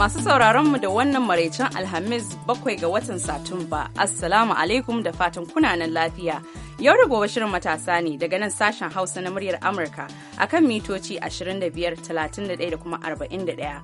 Masu sauraron mu da wannan maraicen Alhamis bakwai ga watan Satumba, Assalamu alaikum da fatan kunanan lafiya. Yau da gobe shirin matasa ne daga nan sashen Hausa na muryar Amurka a kan mitoci 25, 31 da kuma 41.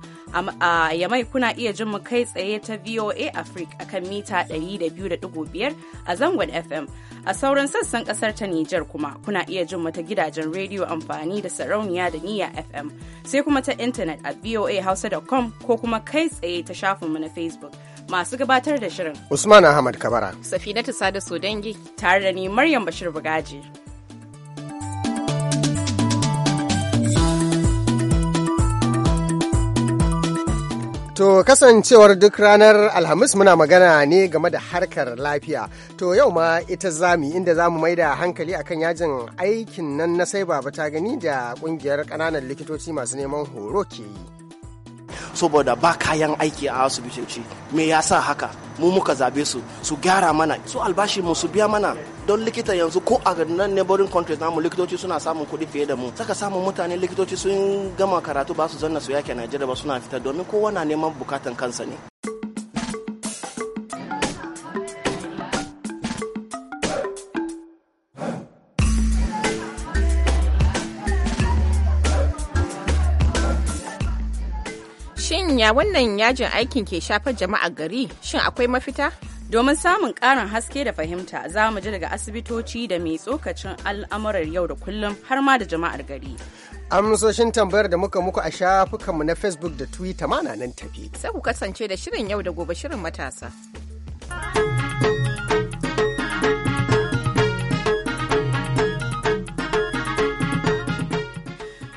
A Yamai kuna iya jin mu kai tsaye ta VOA Africa a kan mita 200.5 a zangon FM. A sauran sassan kasar ta Nijar kuma kuna iya jin mu ta gidajen rediyo amfani da sarauniya da niya FM. Sai kuma ta intanet a voahausa.com ko kuma kai tsaye ta shafinmu na Facebook. masu gabatar da shirin usman ahmad kabara safinatu sada sodangi tare da ni maryam bashir bugaji To kasancewar duk ranar Alhamis muna magana ne game da harkar lafiya. To yau ma ita zami inda za mu maida hankali akan yajin aikin nan na sai baba ta gani da kungiyar ƙananan likitoci masu neman horo ke yi. saboda ba kayan aiki a asibitoci me sa haka mu muka zabe su su gyara mana su albashi mu su biya mana don likita yanzu ko a nan neighboring countries namu likitoci suna samun kuɗi fiye da mu saka samun mutane likitoci sun gama karatu ba su zanna su yake Najeriya ba suna fita domin kowa na neman bukatan kansa ne Shin ya wannan yajin aikin ke shafar jama'a gari? Shin akwai mafita? Domin samun ƙarin haske da fahimta za mu ji daga asibitoci da mai tsokacin al'amuran yau da kullum har ma da jama'ar gari. Amsoshin tambayar da muka muku a shafukanmu na Facebook da Twitter mana nan tafi. Sai ku kasance da shirin yau da gobe shirin matasa.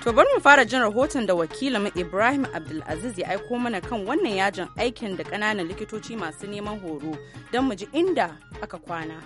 To bari mu fara jin rahoton da wakilinmu Ibrahim Abdulaziz ya aiko mana kan wannan yajin aikin da ƙananan likitoci masu neman horo don mu ji inda aka kwana.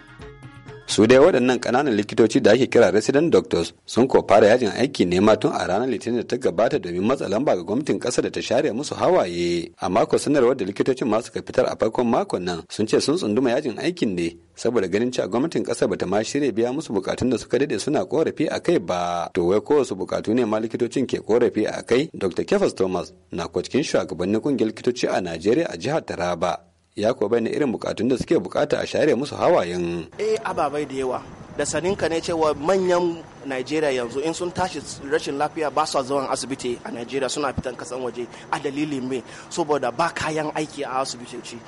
su dai waɗannan ƙananan likitoci da ake kira resident doctors sun ko fara yajin aiki ne ma tun a ranar litinin da ta gabata domin matsa lamba ga gwamnatin ƙasa da ta share musu hawaye a mako sanarwar da likitocin masu ka fitar a farkon makon nan sun ce sun tsunduma yajin aikin ne saboda ganin cewa gwamnatin ƙasa bata ma shirya biya musu bukatun da suka dade suna korafi a kai ba to wai ko wasu bukatu ne ma likitocin ke korafi a kai dr kefas thomas na kwacikin shugabannin ƙungiyar likitoci a najeriya a jihar taraba ya kobai bayyana irin bukatun da suke bukata a share musu hawayen eh ababai da yawa da saninka ne cewa manyan Najeriya yanzu in sun tashi rashin lafiya ba su zuwan asibiti a Najeriya suna fitan kasan waje a dalilin me saboda ba kayan aiki a asibitoci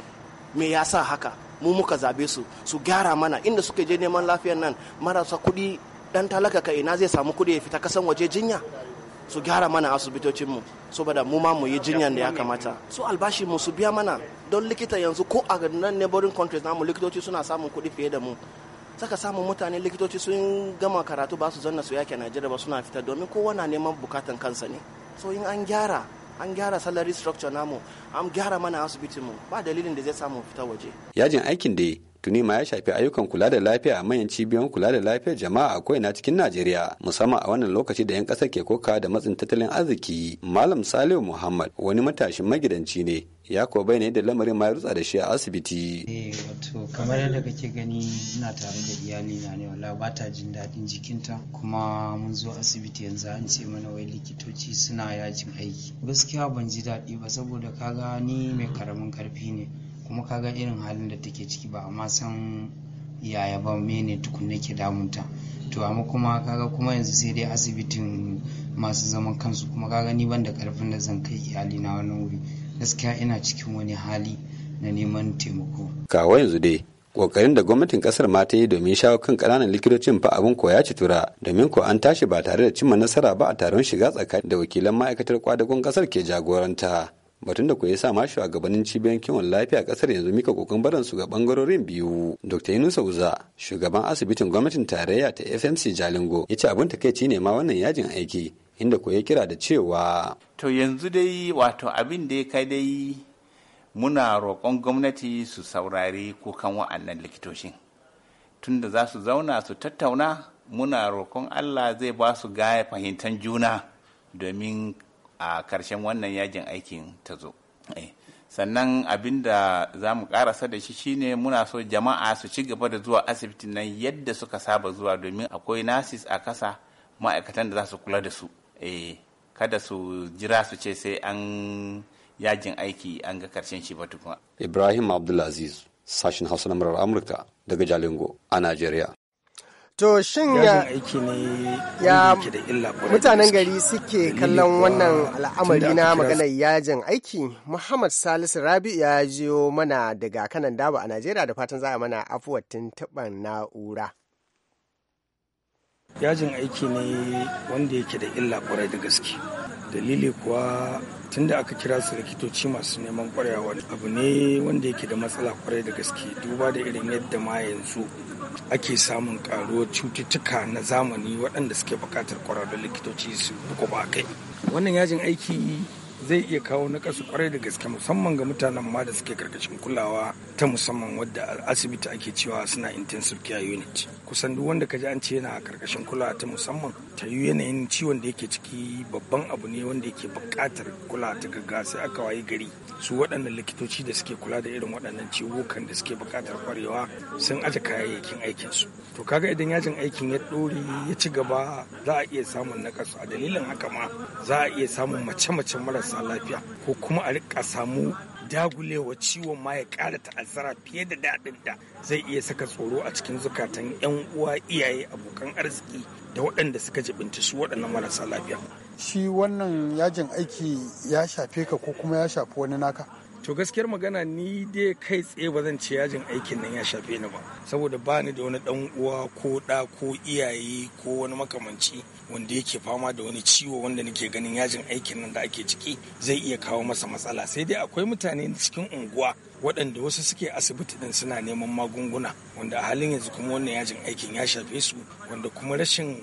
me ya sa haka mu muka zabe su su gyara mana inda suke je neman lafiyar nan marasa kuɗi dan talaka ka ina zai samu kuɗi ya fita kasan waje jinya su gyara mana asibitocinmu saboda mu ma mu yi jinyan da ya kamata su albashi mu su biya mana don likita yanzu ko a nan neighboring countries namu likitoci suna samun kuɗi fiye da mu saka samun mutane likitoci sun gama karatu ba su zanna su yake Najeriya ba suna fita domin kowa na neman bukatan kansa ne so in an gyara an gyara salary structure namu an gyara mana asibitin mu ba dalilin da zai samu fita waje yajin aikin da tuni ma ya shafi ayyukan kula da lafiya a manyan cibiyoyin kula da lafiya jama'a a ko'ina cikin najeriya musamman a wannan lokaci da 'yan kasar ke koka da matsin tattalin arziki malam salihu muhammad wani matashin magidanci ne ya kuwa bayyana yadda lamarin ma ya rutsa da shi a asibiti. eh wato kamar yadda kake gani ina tare da iyali na ne wala ba ta jin daɗin jikinta kuma mun zo asibiti yanzu an ce mana wai likitoci suna yajin aiki gaskiya ban ji daɗi ba saboda kaga ni mai karamin karfi ne kuma kaga irin halin da take ciki ba amma san yaya ba mene tukun ke damunta to amma kuma kaga kuma yanzu sai dai asibitin masu zaman kansu kuma kaga ni ban da karfin da zan kai iyali na wani wuri gaskiya ina cikin wani hali na neman taimako kawo yanzu dai kokarin da gwamnatin kasar ma ta yi domin shawo kan kananan likitocin fa abin koya ci tura domin ko an tashi ba tare da cimma nasara ba a taron shiga tsakanin da wakilan ma'aikatar kwadagon kasar ke jagoranta batun da ku ya sa ma shugabannin cibiyar kiwon lafiya kasar yanzu mika kokon baran su ga bangarorin biyu dr yunusa uza shugaban asibitin gwamnatin tarayya ta fmc jalingo ya ce abin takaici ne ma wannan yajin aiki inda ku ya kira da cewa to yanzu dai wato abin da ya kai dai muna roƙon gwamnati su saurari kukan wa'annan likitoshin tunda za su zauna su tattauna muna roƙon allah zai ba su gaya fahimtar juna domin a karshen wannan yajin aikin ta zo eh, sannan abin da za mu karasa da shi shine muna so jama'a su ci gaba da zuwa asibiti nan yadda suka saba zuwa domin akwai nasis a kasa ma'aikatan da za su kula da su eh, kada su jira su ce sai an yajin aiki an ga karshen shi ba tukuna ibrahim abdulaziz sashin hausa na murar amurka daga jalingo a najeriya To shin ya ya mutanen gari suke kallon wannan al'amari na maganar yajin aiki Muhammad Salisu Rabi ya jiyo mana daga kanan daba a Najeriya da fatan za a mana afuwar tuntuɓar na'ura. Yajin aiki ne wanda yake da illa kwarai da gaske. dalili kuwa tunda aka kira su likitoci masu neman kwarewa abu ne wanda yake da matsala kwarai da gaske duba da irin yadda ma yanzu ake samun karuwar cututtuka na zamani waɗanda suke bukatar kwararrun likitoci su duka ba kai wannan yajin aiki zai iya kawo na kasu kwarai da gaske musamman ga mutanen ma da suke karkashin kulawa ta musamman wadda asibiti ake cewa suna intensive care unit kusan duk wanda kaji an ce yana karkashin kulawa ta musamman ta yi yanayin ciwon da yake ciki babban abu ne wanda yake buƙatar kula ta gaggawa sai aka waye gari su waɗannan likitoci da suke kula da irin waɗannan ciwukan da suke buƙatar kwarewa sun aje kayayyakin aikinsu to kaga idan yajin aikin ya ɗore ya ci gaba za a iya samun nakasu a dalilin haka ma za a iya samun mace mace marasa marasa lafiya ko kuma a rika samu dagulewa ciwon ma ya kara ta'azzara fiye da daɗin da zai iya saka tsoro a cikin zukatan 'yan uwa iyaye abokan arziki da waɗanda suka jibinta su waɗannan marasa lafiya. Shi wannan yajin aiki ya shafe ka ko kuma ya shafi wani naka? to gaskiyar magana ni dai kai tsaye ba zan ce yajin aikin nan ya shafe ni ba saboda ba ni da wani dan uwa ko da ko iyaye ko wani makamanci wanda yake fama da wani ciwo wanda nake ganin yajin aikin nan da ake ciki zai iya kawo masa matsala sai dai akwai mutane cikin unguwa waɗanda wasu suke asibiti din suna neman magunguna wanda a halin yanzu kuma wannan yajin aikin ya shafe su wanda kuma rashin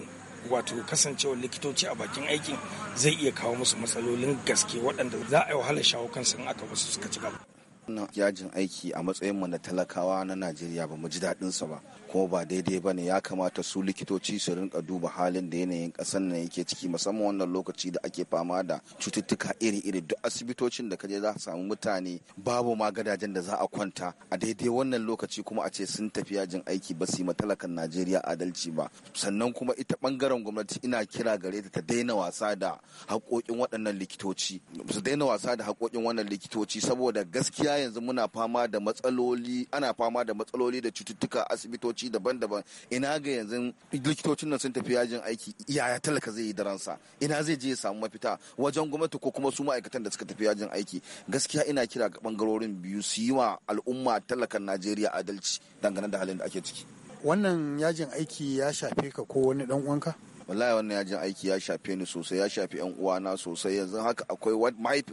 wato kasancewar likitoci a bakin aikin zai iya kawo musu matsalolin gaske waɗanda za a yi wahalar shawo kansu in aka wasu suka ci gaba Wannan yajin aiki a matsayin mu na talakawa na Najeriya ba mu ji daɗin sa ba ko ba daidai ba ne ya kamata su likitoci su rinka duba halin da yanayin ƙasar nan yake ciki musamman wannan lokaci da ake fama da cututtuka iri-iri duk asibitocin da kaje za ka samu mutane babu ma gadajen da za a kwanta a daidai wannan lokaci kuma a ce sun tafi yajin aiki ba su yi matalakan Najeriya adalci ba sannan kuma ita bangaren gwamnati ina kira gare ta ta daina wasa da haƙoƙin waɗannan likitoci su daina wasa da haƙoƙin wannan likitoci saboda gaskiya gaskiya yanzu muna fama da matsaloli ana fama da matsaloli da cututtuka asibitoci daban-daban ina ga yanzu likitocin nan sun tafi yajin aiki yaya talaka zai yi daransa ina zai je ya samu mafita wajen gwamnati ko kuma su ma'aikatan da suka tafi yajin aiki gaskiya ina kira ga bangarorin biyu su yi wa al'umma talakan najeriya adalci dangane da halin da ake ciki wannan yajin aiki ya shafe ka ko wani dan uwanka wallahi wannan yajin aiki ya shafe ni sosai ya shafe yan uwana sosai yanzu haka akwai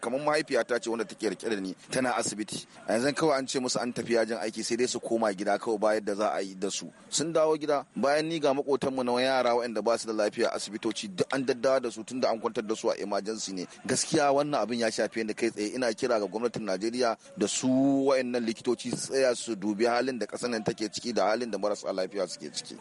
kamar ta ce wanda take rike da ni tana asibiti a yanzu kawai an ce musu an tafi yajin aiki sai dai su koma gida kawai bayan da za a yi da su sun dawo gida bayan ni ga makotan mu na yara waɗanda ba su da lafiya asibitoci duk an daddawa da su tun da an kwantar da su a emergency ne gaskiya wannan abin ya shafe ni kai tsaye ina kira ga gwamnatin Najeriya da su waɗannan likitoci su tsaya su dubi halin da ƙasar nan take ciki da halin da marasa lafiya suke ciki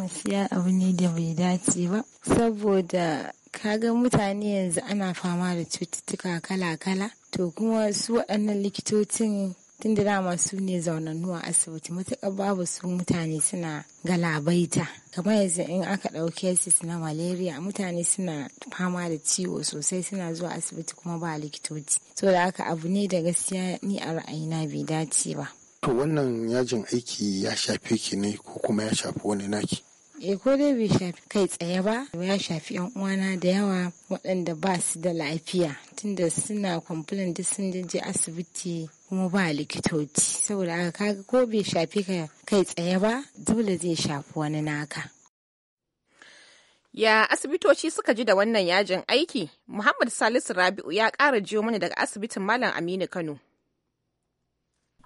Gaskiya abu ne da bai dace ba, saboda kaga mutane yanzu ana fama da cututtuka kala-kala, to kuma su waɗannan likitocin tun da dama su ne zaunannu a asibiti matuƙar babu su mutane suna galabaita kamar yanzu in aka ɗauke su na malaria mutane suna fama da ciwo sosai suna zuwa asibiti kuma ba likitoci so da aka abu ne da gaskiya ni a ra'ayina bai dace ba to wannan yajin aiki ya shafe ki ne ko kuma ya shafi wani naki eh ko dai bai shafi kai tsaye ba ya shafi yan uwana da yawa waɗanda ba su da lafiya tunda suna kwamfulan duk sun je asibiti kuma ba likitoci saboda aka kaga ko bai shafi kai tsaye ba dole zai shafi wani naka ya asibitoci suka ji da wannan yajin aiki muhammad salisu rabi'u ya ƙara jiyo mana daga asibitin malam aminu kano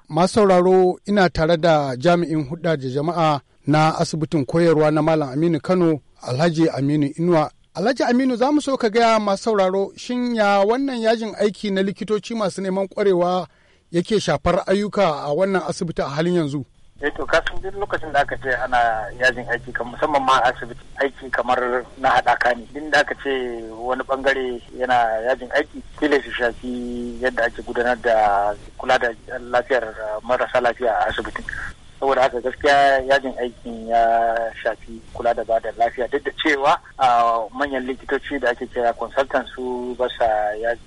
masu sauraro ina tare da jami'in hudda da jama'a na asibitin koyarwa na Malam Aminu Kano Alhaji Aminu Inuwa. Alhaji Aminu za mu so ka gaya masu sauraro shin ya wannan yajin aiki na likitoci masu neman kwarewa yake shafar ayyuka a wannan asibiti a halin yanzu? Eto eh to kasan duk lokacin da aka ce ana yajin aiki kan musamman ma asibiti aiki kamar na haɗaka ne duk da aka ce wani bangare yana yajin aiki kila su shafi yadda ake gudanar da kula da lafiyar eh, marasa lafiya a asibitin saboda haka gaskiya yajin aikin ya shafi kula da ba da lafiya duk da cewa manyan likitoci da ake kira consultant su ba sa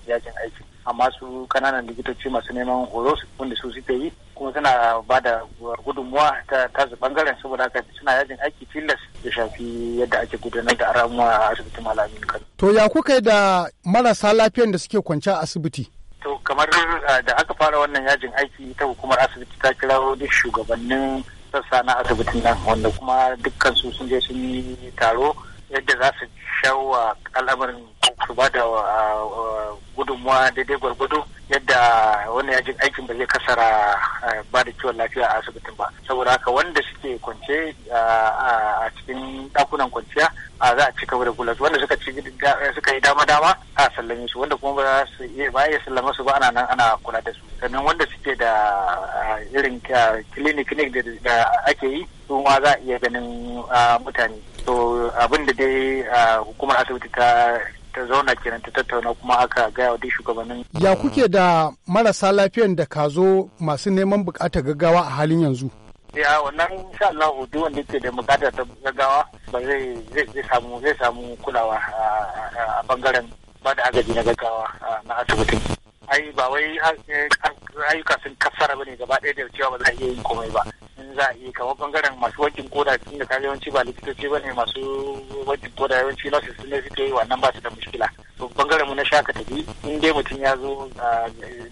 yajin aiki amma su kananan likitoci masu neman horo wanda su suke yi kuma suna ba da gudunmuwa ta tasu bangaren saboda haka suna yajin aiki tilas ya shafi yadda ake gudanar da aramuwa a asibitin malamin kano. to ya kuka da marasa lafiyan da suke kwance a asibiti. to kamar ah, da aka fara wannan yajin aiki ta hukumar asibiti ta kirawo duk shugabannin sassa na asibitin nan wanda kuma dukkan su sun je sun yi taro yadda za su shawo al'amarin su ba da uh, uh, gudunmuwa daidai gwargwado yadda wani yajin aikin ba zai kasara uh, ba da kiwon lafiya a asibitin ba saboda haka wanda suke kwance a cikin dakunan kwanciya a za a cika da gulas wanda suka ci suka yi dama dama a sallame su wanda kuma ba za su iya ba ya sallama su ba ana nan ana kula da su sannan wanda suke da irin clinic ne da ake yi su ma za a iya ganin mutane to abin da dai hukumar asibiti ta ta zauna kenan ta tattauna kuma aka gaya wa duk shugabannin. Ya kuke da marasa lafiyan da ka zo masu neman bukatar gaggawa a halin yanzu? Ya wannan insha Allah duk wanda ke da bukatar ta gaggawa ba zai samu zai samu kulawa a bangaren ba da agaji na gaggawa na asibitin. ai ba wai ayyuka sun kafara bane gaba ɗaya da cewa ba za a iya yin komai ba in za a iya kamar bangaren masu wajen koda tun da kaga yawanci ba likitoci bane masu wajen koda yawanci nurses ne suke yi wannan ba su da mushkila to bangaren mu na shaka tafi in dai mutum ya zo ah,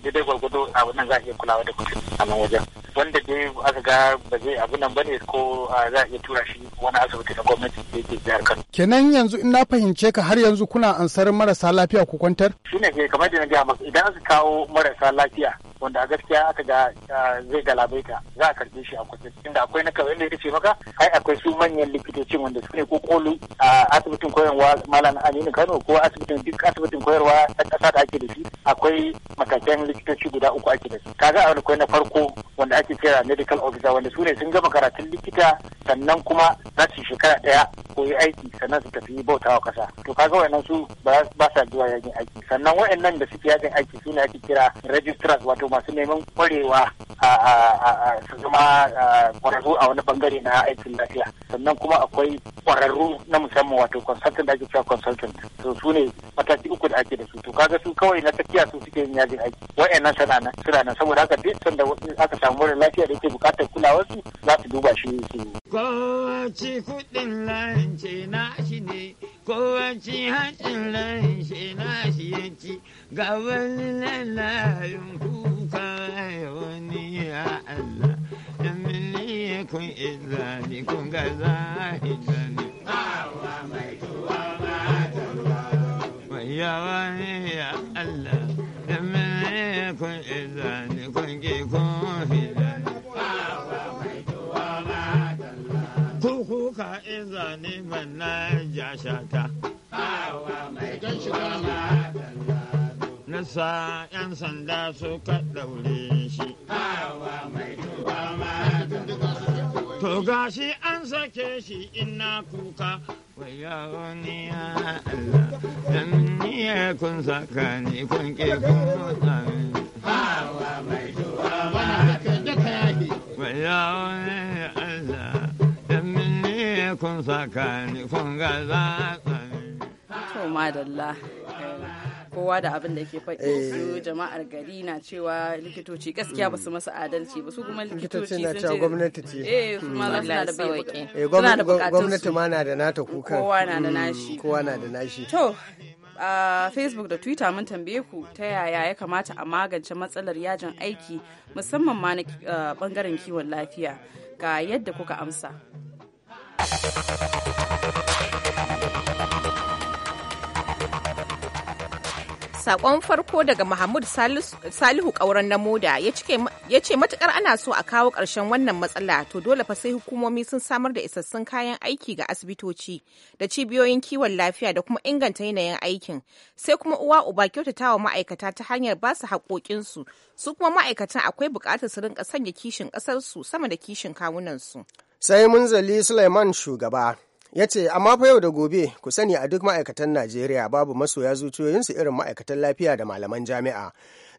daidai gwargwado a wannan za a iya kulawa da mutum a nan wajen wanda dai aka ga ba zai abu nan bane ko ah, za a iya tura shi wani asibiti na gwamnati da ke jihar Kano kenan yanzu in na fahimce ka har yanzu kuna ansar marasa lafiya ku kwantar shine ne kamar da na gaya maka idan aka kawo marasa lafiya wanda a gaskiya aka ga zai galabaita za a karbe shi a kwatsa inda akwai na kawai da ce maka ai akwai su manyan likitocin wanda su ne ko kolu a asibitin koyarwa malam aminu kano ko asibitin duk asibitin koyarwa ta kasa da ake da shi akwai matakan likitoci guda uku ake da su kaga a akwai na farko wanda ake kira medical officer wanda su ne sun gama karatun likita sannan kuma za su shekara daya ko yi aiki sannan su tafi bautawa kasa to kaga wayannan su ba sa zuwa yakin aiki sannan wayannan da suke yakin aiki su ne ake kira registrars wato masu neman kwarewa su zama kwararru a wani bangare na aikin lafiya sannan kuma akwai kwararru na musamman wato consultant da ake cewa consultant to su ne mataki uku da ake da su to kaga su kawai na tafiya su suke yin yajin aiki wa'annan sana nan suna nan saboda haka duk sanda aka samu wurin lafiya da yake bukatar kulawar su za su duba shi su kowace kuɗin lance na shi ne kowace hancin lance na shi yanci ga wani lalayin kuwa kun izani kun ga zahidani awa mai tuwa matarwa mai yawa ne ya Allah da mene kun izani kun ki kun hidani awa mai tuwa matarwa ku kuka izani mana manna jashata awa mai tuwa matarwa sa 'yan sanda suka ɗaure shi. Hawa mai tuba ma To gashi an sake shi ina kuka. Waya ni ya Allah, dan ni ya kun saka ni kun ke kun mutane. Hawa mai tuba ma Wayo ni ya Allah, dan ni ya kun saka ni kun ga za To madalla. kowa da abin da ke faɗi eh. su jama'ar gari na cewa likitoci gaskiya ba su masa adalci ba su kuma likitoci na cewa gwamnati ce eh kuma za su da bai eh gwamnati ma na da nata kukan kowa na da nashi mm, kowa na da nashi to a facebook da twitter mun tambaye ku ta yaya ya kamata a magance matsalar yajin aiki musamman ma na bangaren kiwon lafiya ga yadda kuka amsa sakon farko daga Mahmud Salihu Kauran na Moda ya ce matukar ana so a kawo ƙarshen wannan matsala to dole fa sai hukumomi sun samar da isassun kayan aiki ga asibitoci da cibiyoyin kiwon lafiya da kuma inganta yanayin aikin sai kuma uwa uba kyautata wa ma'aikata ta hanyar ba su haƙoƙinsu su kuma ma'aikatan akwai buƙatar su rinka sanya kishin ƙasarsu sama da kishin kawunansu. Sai mun zali Suleiman shugaba. ya ce amma fa yau da gobe ku sani a duk ma'aikatan najeriya babu masoya zuciyoyinsu irin ma'aikatan lafiya da malaman jami'a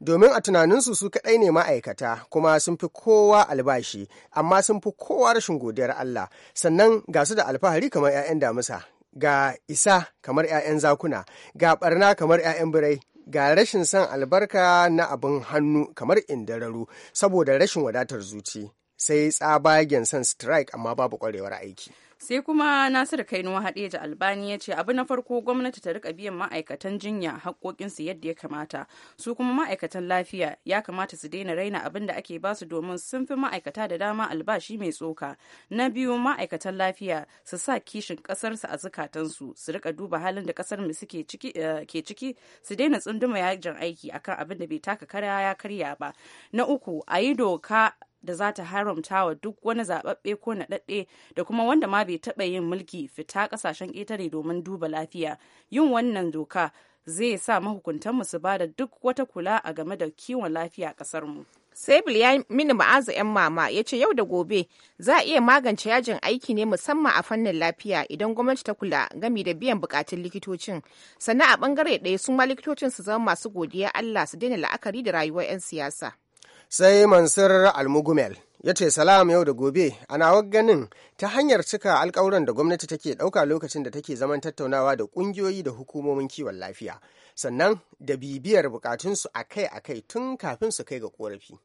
domin a tunaninsu su kaɗai ne ma'aikata kuma sun fi kowa albashi amma sun fi kowa rashin godiyar allah sannan ga su da alfahari kamar 'ya'yan damisa, ga isa kamar 'ya'yan zakuna ga barna kamar 'ya'yan birai ga rashin son albarka na abin hannu kamar indararu saboda rashin wadatar zuci sai tsabagen son strike amma babu kwarewar aiki sai kuma nasiru kainuwa hadeja albani ya ce abu na farko gwamnati ta rika biyan ma'aikatan jinya haƙoƙinsu yadda ya kamata su kuma ma'aikatan lafiya ya kamata su daina raina abin da ake basu domin sun fi ma'aikata da dama albashi mai tsoka na biyu ma'aikatan lafiya su sa kishin ƙasarsu a zukatansu su rika duba halin da ƙasar mu suke ciki eh, ke ciki su daina tsunduma yajin aiki akan abin da bai taka kara ya karya ba na uku a yi doka da za ta haramta wa duk wani zaɓaɓɓe ko naɗaɗɗe da kuma wanda ma bai taɓa yin mulki fita ƙasashen ƙetare domin duba lafiya yin wannan doka zai sa mu su ba da duk wata kula a game da kiwon lafiya a mu. Sebil ya mini ma'aza 'yan mama ya ce yau da gobe za a iya magance yajin aiki ne musamman a fannin lafiya idan gwamnati ta kula gami da biyan bukatun likitocin. Sannan a bangare ɗaya su ma likitocin su zama masu godiya Allah su daina la'akari da rayuwar 'yan siyasa. sai mansur almugumel ya ce salam yau da gobe a nawa ganin ta hanyar cika alkawuran da gwamnati take ɗauka lokacin da take zaman tattaunawa da ƙungiyoyi da hukumomin kiwon lafiya sannan da bibiyar bukatunsu akai-akai tun kafin su kai ga korafi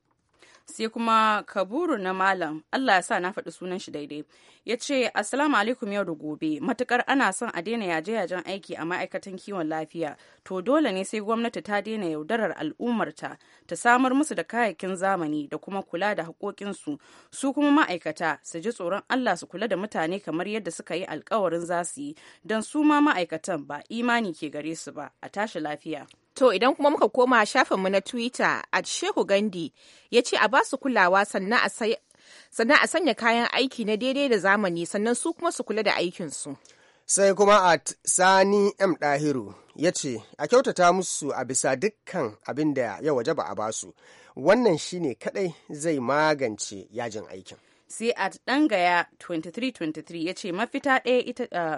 sai kuma kaburu na malam allah ya sa na faɗi sunan shi daidai ya ce assalamu alaikum yau da gobe matukar ana son a daina yaje yajen aiki a ma'aikatan kiwon lafiya to dole ne sai gwamnati ta daina yaudarar al'ummarta ta samar musu da kayayyakin zamani da kuma kula da haƙoƙinsu su kuma ma'aikata su ji tsoron allah su kula da mutane kamar yadda suka yi alkawarin zasu yi don su ma ma'aikatan ba imani ke gare su ba a tashi lafiya To idan kuma muka koma shafinmu na Twitter at Shehu Gandi ya ce a basu kulawa sannan a sanya kayan aiki na daidai da zamani sannan su kuma su kula da aikinsu. Sai kuma at Sani M Dahiru ya ce a kyautata musu a bisa dukkan abin da ya waje ba a basu wannan shine kadai zai magance yajin aikin. sai at ɗangaya 2323 ya ce uh,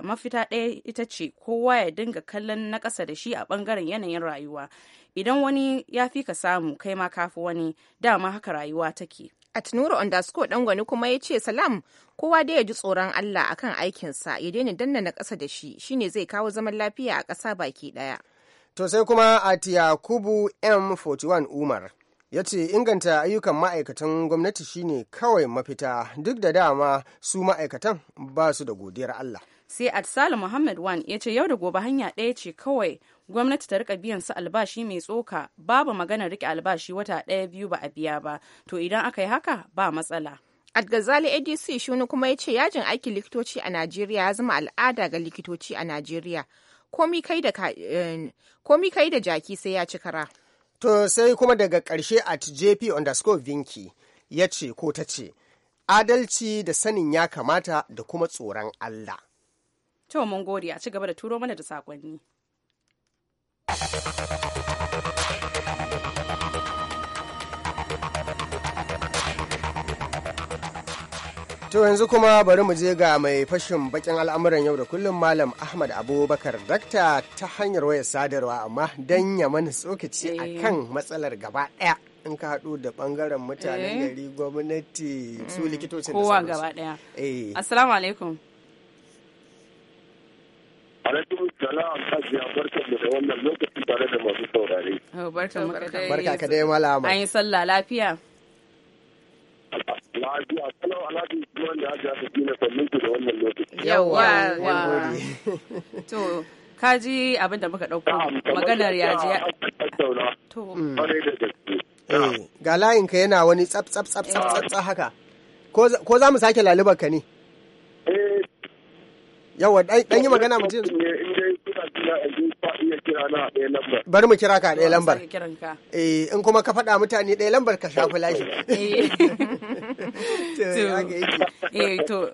mafita ɗaya ita ce kowa ya dinga kallon na ƙasa da shi a ɓangaren yanayin rayuwa idan wani ya fi ka samu kai ma kafi wani dama haka rayuwa take at nura underscore dan gwani kuma ya ce salam kowa dai ya ji tsoron allah akan aikinsa ya daina danna na ƙasa da shi shine zai kawo zaman lafiya a ƙasa baki ɗaya to sai kuma at yakubu m41 umar ya ce inganta ayyukan ma'aikatan gwamnati shine kawai mafita duk da dama su ma'aikatan ba su da godiyar Allah. Sai Atsala Muhammad Wan ya ce yau da gobe hanya ɗaya ce kawai gwamnati ta rika biyan su albashi mai tsoka babu magana rike albashi wata ɗaya biyu ba a biya ba to idan aka yi haka ba matsala. Adgazali ADC shuni kuma ya ce yajin aikin likitoci a Najeriya ya zama al'ada ga likitoci a Najeriya. Komi kai da eh, jaki sai ya ci kara. To sai kuma daga ƙarshe a JP underscore Vinki ya ce ko ta ce, Adalci da sanin ya kamata da kuma tsoron Allah. To mun gode a ci gaba da turo mana da saƙonni. To yanzu kuma bari mu je ga mai fashin bakin al'amuran yau da kullum Malam Ahmad Abubakar dakta ta hanyar wayar sadarwa amma dan ya mana tsokaci eh. kan matsalar gaba daya in ka haɗu da ɓangaren mutanen eh. gari gwamnati su mm. likitocin da kowa gaba ɗaya. Eh. Assalamu alaikum. Alaikum salam Hajiya barkan mu da wannan lokaci tare da masu saurare. Oh, barkan mu ka dai. Barka ka dai malama. An yi sallah lafiya. Yawwa alhaji Usman da Hajiya Sakina sannin ku da wannan lokaci. Yawwa. To abin da muka ɗauko maganar yaji. To. Mm. Eh, ga layinka yana wani tsaf tsaf tsaf tsaf tsaf haka. Ko za mu sake lalubar ka ne? Eh. Yawwa ɗan yi magana mutum. suna yanzu ba iya kira na ɗaya lambar. Bari mu kira ka ɗaya lambar. Eh in kuma ka faɗa mutane ɗaya lambar ka shafi lashe. Eh. eh to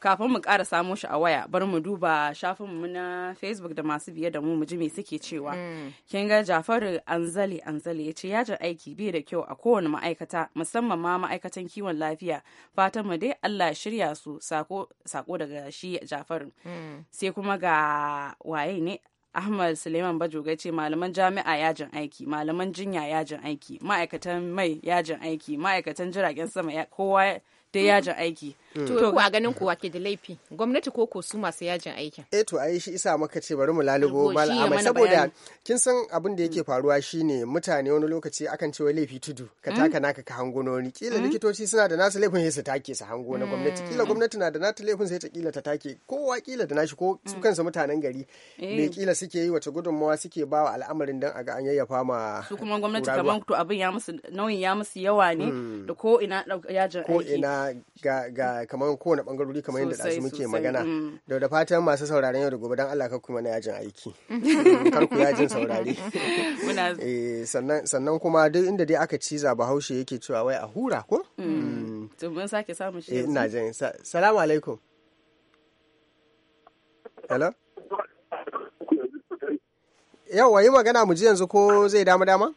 kafin mu kara samo shi a waya bar mu duba shafinmu na facebook da masu biye da mu mu ji me suke cewa mm. kin ga jafaru anzali anzali ya ce yajin aiki bai da kyau a kowane ma'aikata musamman ma ma'aikatan kiwon lafiya fatan mu dai allah shirya su sako daga shi jafaru mm. sai kuma ga waye ne Ahmad Suleiman Bajoga ce malaman jami'a yajin aiki, malaman jinya yajin aiki, ma'aikatan mai yajin aiki, ma'aikatan jiragen sama kowa da yajin aiki. Mm. to ku a ganin ku wake da laifi gwamnati ko ko su masu yajin aikin eh to ai shi isa maka ce bari mu lalubo malama saboda kin san abin da yake mm. faruwa shine mutane wani lokaci akan ce wai laifi tudu ka mm. taka naka ka hango wani kila likitoci suna da nasu laifin sai su take su hango na gwamnati kila gwamnati na da nata laifin sai ta kila ta take kowa kila da nashi ko su kansu mutanen gari eh. me kila suke yi wace gudunmawa suke ba wa al'amarin dan a ga an yayyafa ma su kuma gwamnati kaman to abin ya musu nauyin ya musu yawa ne da ko ina yajin aiki ko ina ga kamar kowane bangarori kamar yadda ɗazu muke magana mm. da da fatan masu sauraron yau da gobe don Allah kar ku mana yajin aiki kar ku yajin saurare eh, sannan kuma duk inda dai aka ciza bahaushe yake cewa wai a hura ko mm. Mm. mun sake samun shi eh, ina jin salamu alaikum hello yau wayi magana mu ji yanzu ko zai dama dama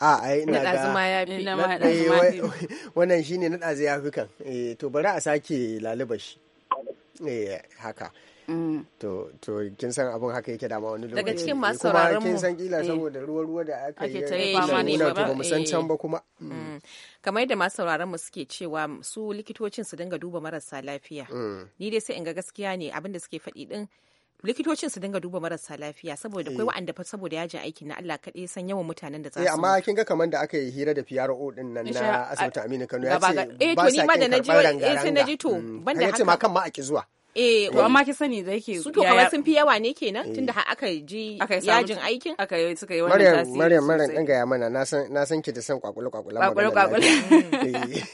a ai ina ga eh, wannan shine na ɗazi ya fi kan eh, to bari a sake laliba shi eh, haka mm. to to kin san abun haka yake dama wani lokaci daga cikin masu sauraron mu kin san kila saboda ruwa ruwa da aka yi ta yi ba ne ba mu san can ba kuma mm. Mm. kamar yadda masu sauraron mu suke cewa su likitocin su dinga duba marasa lafiya ni dai sai in ga gaskiya ne abin da suke faɗi din likitocin su dinga duba marasa lafiya saboda akwai eh. wa'anda fa saboda yajin aiki na Allah kaɗai san yawan mutanen da za eh, su amma kin ga kamar da aka yi hira da PRO din nan na asibiti Aminu Kano ya ce ba sa kin karɓar ranga Eh to ni ma da na eh, ji to mm. ban da haka. Ya ce ma kan ma a ki zuwa. eh amma ki sani da yake su to kamar sun fi yawa ne kenan eh. tunda har aka ji yajin aikin aka yi suka yi wannan tasiri Maryam Maryam dan gaya mana na san ki da san kwakule kwakule kwakule kwakule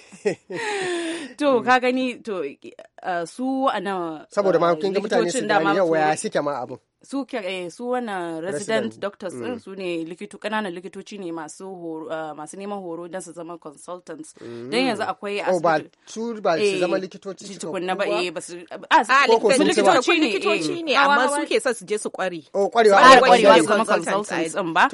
to ka gani to eh, su ana saboda ma eh, kin ga mutane su da yawa suke ma abun su eh, su wannan resident doctors mm. su ne likito kananan likitoci ne masu uh, masu neman horo don su zama consultants mm. don yanzu akwai oh, ba su ba su eh, zama likitoci tukunna ba eh ba su a ah, ah, su likitoci ne eh. likitoci ne amma su ke sa su je su kware oh kwarewa ba kwarewa su zama consultants din ba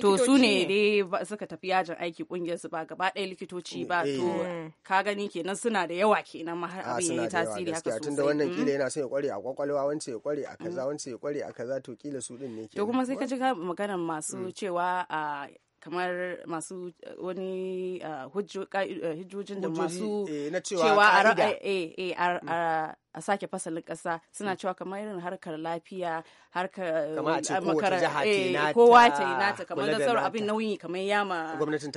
to su ne dai suka tafi yajin aiki kungiyar su ba gaba ɗaya likitoci ba mm, to eh. ka gani kenan suna da yawa kenan ma har abin yayi tasiri haka sosai tunda wannan kila mm. yana so ya kware a kwakwalwa wance ya kware a kaza mm. wance ya kware a kaza to kila su din ne ke to kuma sai ka ji maganar masu mm. cewa a kamar masu eh, wani eh, hujjojin da masu eh, cewa mm. a sake fasalin ƙasa suna mm. cewa kamar irin harkar lafiya harkar makara kowa ta yi nata kamar da tsaro abin nauyi kamar yama gwamnatin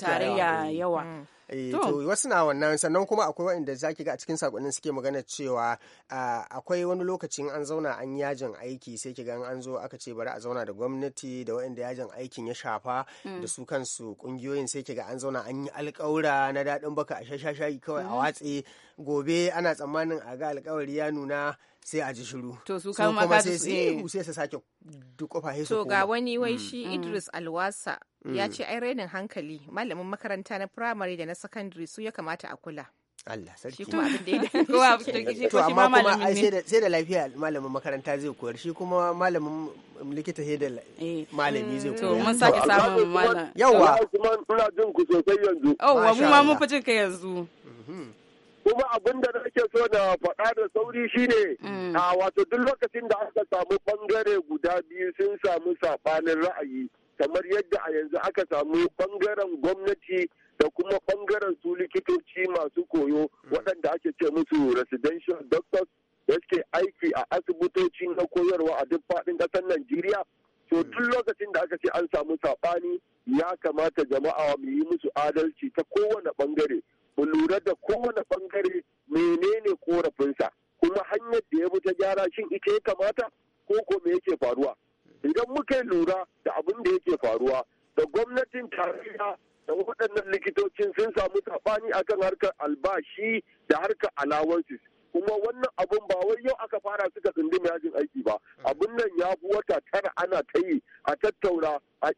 tarayya yawa Eh, to wasu na wannan sannan kuma akwai waɗanda zaki ga a cikin sakonnin suke magana cewa akwai wani lokacin an zauna an yajin aiki sai ki ga an zo aka ce bari a zauna da gwamnati da waɗanda yajin aikin ya shafa hmm. da su kansu kungiyoyin sai ki ga an zauna an yi alƙawura na daɗin baka a shashashayi kawai a hmm. watse gobe ana tsammanin a ga alƙawari ya nuna sai a ji shiru to su kama kan su sai eh. sai su sake dukofa hesu su to ga wani wai mm. shi mm. Idris Alwasa mm. ya ce ai rainin hankali malamin makaranta na primary da na secondary su ya kamata a kula Allah sarki. Shi kuma abin da ya kowa shi ko shi ma malamin ne. sai da lafiya malamin makaranta zai koyar shi kuma malamin likita sai da eh. malami zai koyar. To mun sake samun malam. Yawwa. Ina jin ku sosai yanzu. Yawwa mu ma mun fi jin ka yanzu. Mhm. kuma abin da nake so na faɗa da sauri shine mm. a wato duk lokacin da aka samu bangare guda biyu sun samu saɓanin ra'ayi kamar yadda a yanzu aka samu bangaren gwamnati da kuma bangaren su likitoci masu koyo mm. waɗanda ake ce musu residential doctors da suke aiki a asibitoci na koyarwa a duk faɗin ƙasar Najeriya. To mm. duk lokacin da aka ce an samu saɓani ya kamata jama'a mu yi musu adalci ta kowane bangare. mu lura da kowane bangare menene korafinsa kuma hanyar da ya bi ta gyara shin ita ya kamata ko ko me yake faruwa idan muka lura da abin da yake faruwa da gwamnatin tarayya da waɗannan likitocin sun samu saɓani akan harkar albashi da harkar alawansis kuma wannan abun ba wai yau aka fara suka tsundum yajin aiki ba hmm. abun nan ya fi wata tara ana ta yi a tattauna a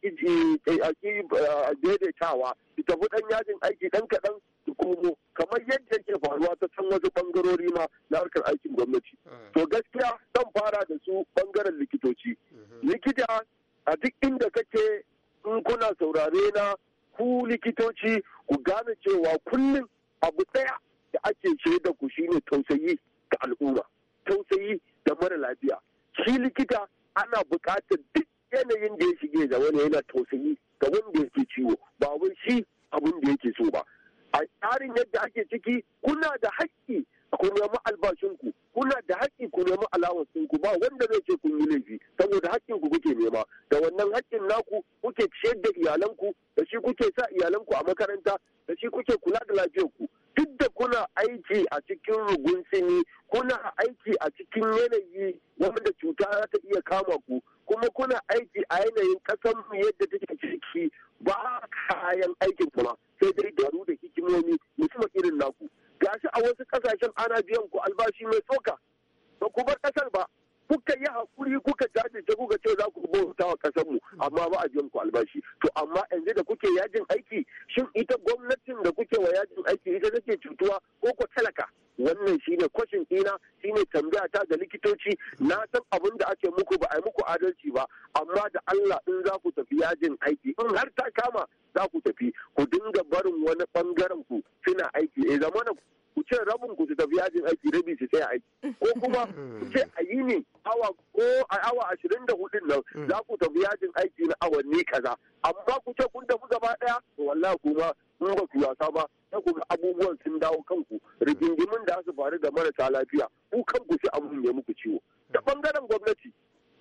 daidaitawa su tafi dan yajin aiki dan kaɗan su komo kamar yadda ke faruwa ta can wasu bangarori ma na harkar aikin gwamnati hmm. to gaskiya zan fara da su ɓangaren likitoci hmm. likita a duk inda kake in kuna saurare na ku likitoci ku gane cewa kullum abu ɗaya da ake da ku shine tausayi ga al'umma tausayi da mara lafiya shi likita ana buƙatar duk yanayin da ya shige da wani yana tausayi ga wanda yake ciwo ba wai shi abin da yake so ba a tsarin yadda ake ciki kuna da haƙƙi ku nemi albashinku kuna da haƙƙi ku nemi allowance ba wanda zai ce kun yi laifi saboda haƙƙin ku kuke nema da wannan haƙƙin naku kuke ciyar da iyalanku da shi kuke sa iyalanku a makaranta da shi kuke kula da lafiyar kuna aiki a cikin rugun sini kuna aiki a cikin yanayi wanda cuta za ta iya kama ku kuma kuna aiki a yanayin kasan mu yadda take ciki ba kayan aikin kuma sai dai garu da hikimomi musamman irin naku gashi a wasu kasashen ana biyan ku albashi mai tsoka ba ku bar kasar ba kuka yi hakuri kuka jajirce kuka ce za ku bauta wa kasar mu amma ba a biyan ku albashi to amma yanzu da kuke yajin aiki shin ita gwamnatin da kuke wa yajin aiki ita take cutuwa ko ko talaka wannan shine kwashin ina shine tambaya ta ga likitoci na san abin da ake muku ba a yi muku adalci ba amma da Allah in za ku tafi yajin aiki in har ta kama za ku tafi ku dinga barin wani bangaren ku suna aiki e eh, zamanin ce rabin ku su tafi yajin aiki rabi su sai aiki ko kuma hmm. ku ce a yi ne awa ko a awa ashirin da hudun nan hmm. za ku tafi yajin aiki na awanni kaza amma ku ce kun tafi gaba daya wallahi kuma in ba ku wasa ba sai ku abubuwan sun dawo kanku rigingimin da su faru da marasa lafiya ku kanku sai abun ya muku ciwo da bangaren gwamnati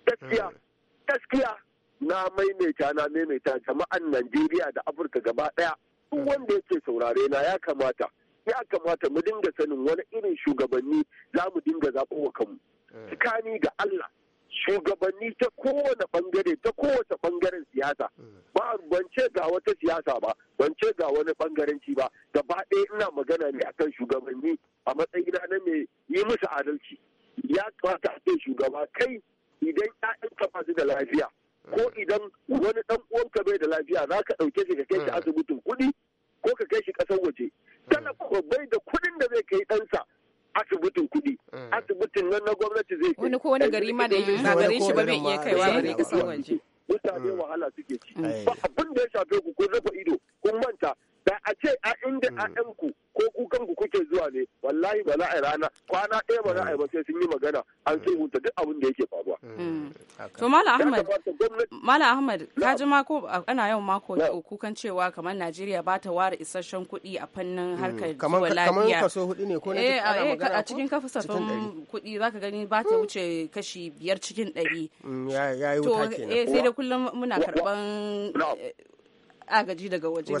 gaskiya hmm. gaskiya na maimaita na maimaita jama'an Najeriya da Afirka gaba daya duk wanda yake saurare na ya kamata ya kamata mu dinga sanin wani irin shugabanni za mu dinga zaɓo wa kanmu eh. Tukani ga Allah shugabanni ta kowane bangare ta kowace bangaren siyasa eh. ba bance ga wata siyasa ba bance ga wani bangaranci ba gaba ɗaya ina magana ne akan shugabanni a matsayina na mai yi musu adalci ya kamata a ce shugaba kai idan 'ya'yanka ba da lafiya ko eh. idan wani ɗan uwanka bai da lafiya za ka ɗauke shi ka kai shi asibitin kuɗi ko ka kai shi ƙasar waje ko bai da kuɗin da zai kai ɗansa asibitin kuɗi mm. asibitin nan na gwamnati zai kai wani ko wani gari ma da yi ba shi ba bai iya kai wa ne kasan waje mutane mm. wahala suke ci mm. ba abin da ya shafe ku kun rufe ido kun manta da a ce a inda 'ya'yanku ko kukan ku kuke zuwa ne wallahi ba za a yi rana kwana ɗaya ba za a yi ba sai sun yi magana an sai hunta duk abin da yake faruwa. Mm. Mm. Mm. to mala ahmad mala ahmad ka ji mako ana yawan mako kan cewa kamar najeriya ba ta ware isasshen kuɗi a fannin harkar zuwa lafiya kamar kaso hudu ne ko ne eh, eh, a cikin safin kuɗi za ka gani ba ta wuce kashi biyar cikin ɗari. ya yi wuta to eh, sai da kullum muna karɓan agaji daga waje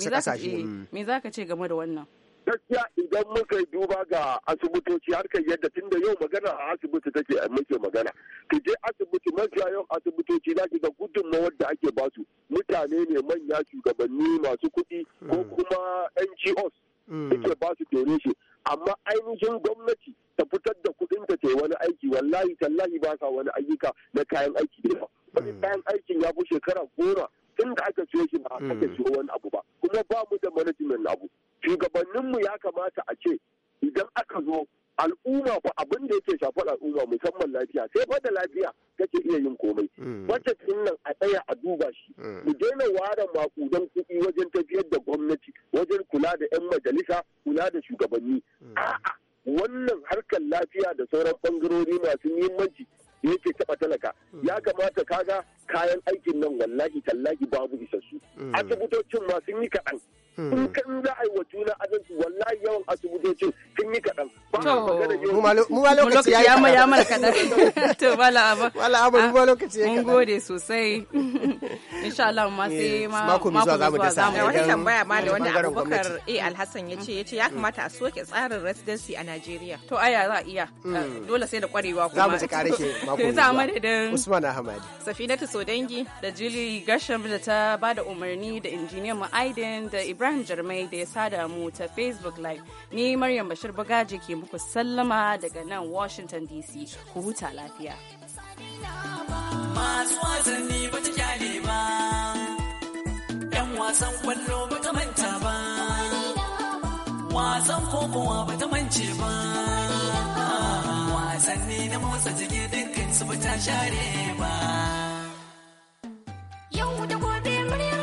me za ka ce game da wannan. gaskiya idan muka duba ga asibitoci harkar yadda tun da yau magana a asibiti take eh, muke magana ki je asibiti mafiya yau asibitoci za ki ga gudunmawar da ake su mutane ne manya shugabanni masu kuɗi ko hmm. kuma ngos hmm. suke basu tere shi amma ainihin gwamnati ta fitar da kuɗin ta ce wani aiki wallahi tallahi ba sa wani ayyuka na kayan aiki da hmm. wani kayan aikin ya fi shekara goma tun da aka ciyo shi ba aka ciyo wani abu ba kuma ba mu da management abu shugabanninmu ya kamata a ce idan aka zo al'umma ba abin da yake shafar al'umma musamman lafiya sai ba da lafiya take iya yin komai wacce hmm. nan a tsaya a duba shi hmm. mu daina ware makudan kuɗi wajen tafiyar da gwamnati wajen kula da 'yan majalisa kula da shugabanni hmm. a'a wannan harkar lafiya da sauran bangarori masu muhimmanci yake taɓa talaka ya kamata kaga kayan aikin nan wallahi tallahi babu isassu asibitocin ma sun yi kaɗan in kan za a yi wa juna azanci wallahi yawan asibitocin sun yi kaɗan To, mu lokaci ya yi ya mana kaɗan. To, bala abu. Bala abu, mu ma ah, lokaci ya kaɗan. Mun gode sosai. Insha Allah, ma sai eh, ma mako mu zuwa za mu dasa. Da wani tambaya ma da wanda Abubakar A. Alhassan ya ce, ya ce ya kamata a soke tsarin residency a Najeriya. To, aya za a iya. Hmm. Eh, dole sai da kwarewa kuma. Za mu ji ƙare ke mako mu zuwa. Za madadin. Usman Ahmad. Safinatu Sodangi da Julie Gresham da ta ba da umarni da injiniyan mu Aiden da Ibrahim Jarmai da ya sada mu ta Facebook Live. Ni Maryam Bashir Bagaji ke mu muku sallama daga nan Washington DC. Ku huta lafiya. Masu wasanni ba ta kyale ba, ‘yan wasan kwallo ba ta manta ba, wasan kokowa ba ta mance ba, wasanni na motsa jiki dukkan su ba ta share ba. Yau da gobe murya